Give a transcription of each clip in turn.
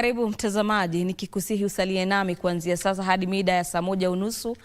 Karibu mtazamaji, nikikusihi usalie nami kuanzia sasa hadi mida ya saa moja unusu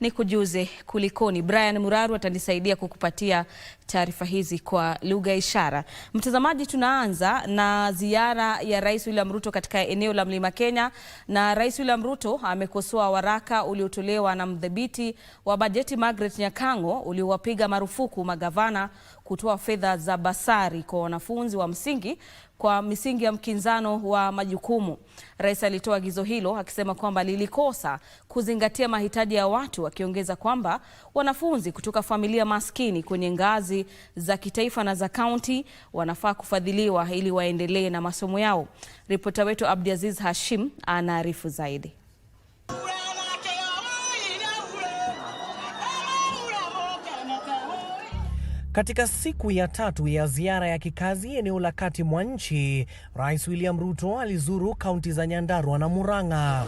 ni kujuze kulikoni. Brian Muraru atanisaidia kukupatia taarifa hizi kwa lugha ya ishara. Mtazamaji, tunaanza na ziara ya Rais William Ruto katika eneo la Mlima Kenya, na Rais William Ruto amekosoa waraka uliotolewa na mdhibiti wa bajeti Margaret Nyakango uliowapiga marufuku magavana kutoa fedha za basari kwa wanafunzi wa msingi kwa misingi ya mkinzano wa majukumu. Rais alitoa agizo hilo akisema kwamba lilikosa kuzingatia mahitaji ya watu, akiongeza kwamba wanafunzi kutoka familia maskini kwenye ngazi za kitaifa na za kaunti wanafaa kufadhiliwa ili waendelee na masomo yao. Ripota wetu Abdiaziz Hashim anaarifu zaidi. Katika siku ya tatu ya ziara ya kikazi eneo la kati mwa nchi, Rais William Ruto alizuru kaunti za Nyandarua na Murang'a.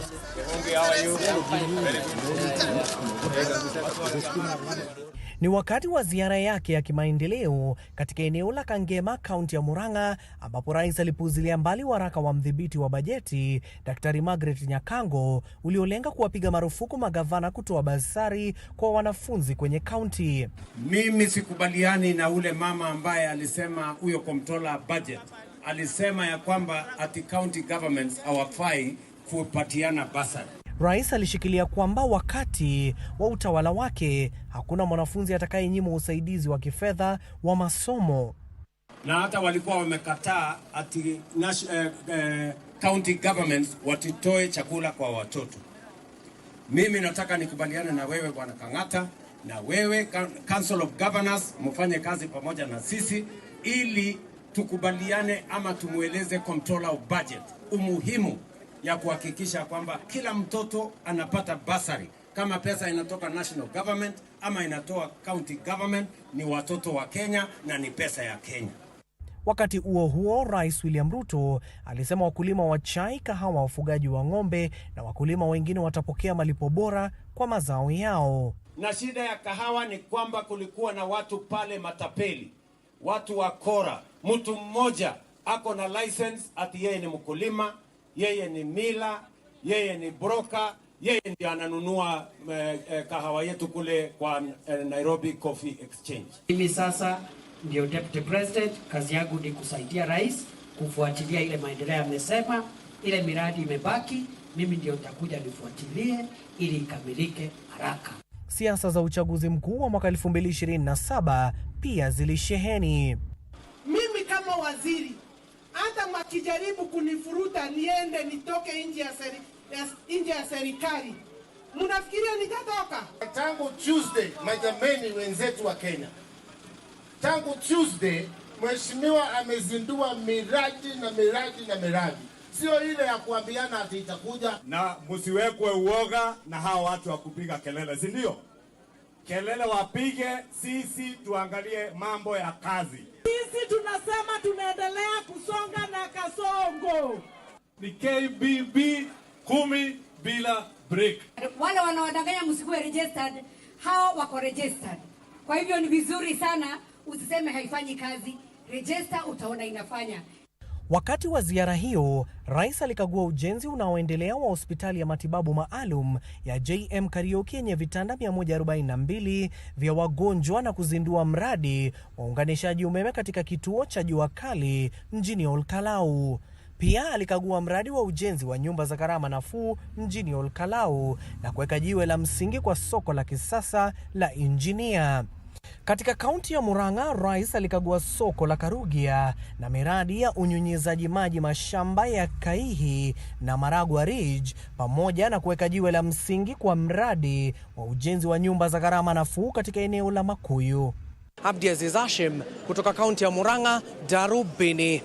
Ni wakati wa ziara yake ya kimaendeleo katika eneo la Kangema, kaunti ya Murang'a, ambapo rais alipuuzilia mbali waraka wa mdhibiti wa bajeti Daktari Margaret Nyakango uliolenga kuwapiga marufuku magavana kutoa basari kwa wanafunzi kwenye kaunti. Mimi sikubaliani na ule mama ambaye alisema huyo comptroller budget alisema ya kwamba ati county governments hawafai kupatiana basari. Rais alishikilia kwamba wakati wa utawala wake hakuna mwanafunzi atakayenyimwa usaidizi wa kifedha wa masomo, na hata walikuwa wamekataa ati eh, eh, county governments watitoe chakula kwa watoto. Mimi nataka nikubaliane na wewe Bwana Kang'ata na wewe Council of Governors mfanye kazi pamoja na sisi ili tukubaliane ama tumweleze controller of budget umuhimu ya kuhakikisha kwamba kila mtoto anapata basari kama pesa inatoka national government ama inatoa county government, ni watoto wa Kenya na ni pesa ya Kenya. Wakati huo huo, Rais William Ruto alisema wakulima wa chai, kahawa, wafugaji wa ng'ombe na wakulima wengine watapokea malipo bora kwa mazao yao. Na shida ya kahawa ni kwamba kulikuwa na watu pale matapeli, watu wa kora Mtu mmoja ako na license ati yeye ni mkulima yeye ni mila, yeye ni broka, yeye ndiye ananunua eh, eh, kahawa yetu kule kwa eh, Nairobi Coffee Exchange. Mimi sasa ndio deputy president, kazi yangu ni kusaidia rais kufuatilia ile maendeleo amesema, ile miradi imebaki, mimi ndio nitakuja nifuatilie ili ikamilike haraka. Siasa za uchaguzi mkuu wa mwaka 2027 pia zilisheheni. Mimi kama waziri hata makijaribu kunifuruta niende nitoke nje ya seri, nje ya serikali, mnafikiria nitatoka? Tangu Tuesday, majameni wenzetu wa Kenya, tangu Tuesday mheshimiwa amezindua miradi na miradi na miradi, sio ile ya kuambiana ati itakuja. Na msiwekwe uoga na hawa watu wa kupiga kelele, si kelele wapige, sisi tuangalie mambo ya kazi. Sisi tunasema tunaendelea kusonga na kasongo ni KBB kumi bila break. Wale wanaodanganya msikuwe registered, hao wako registered. Kwa hivyo ni vizuri sana usiseme haifanyi kazi, register, utaona inafanya. Wakati wa ziara hiyo, rais alikagua ujenzi unaoendelea wa hospitali ya matibabu maalum ya JM Kariuki yenye vitanda 142 vya wagonjwa na kuzindua mradi wa unganishaji umeme katika kituo cha jua kali mjini Olkalau. Pia alikagua mradi wa ujenzi wa nyumba za gharama nafuu mjini Olkalau na kuweka jiwe la msingi kwa soko la kisasa la injinia. Katika kaunti ya Murang'a, rais alikagua soko la Karugia na miradi ya unyunyizaji maji mashamba ya Kaihi na Maragua Ridge pamoja na kuweka jiwe la msingi kwa mradi wa ujenzi wa nyumba za gharama nafuu katika eneo la Makuyu. Abdiaziz Hashim kutoka kaunti ya Murang'a, Darubini.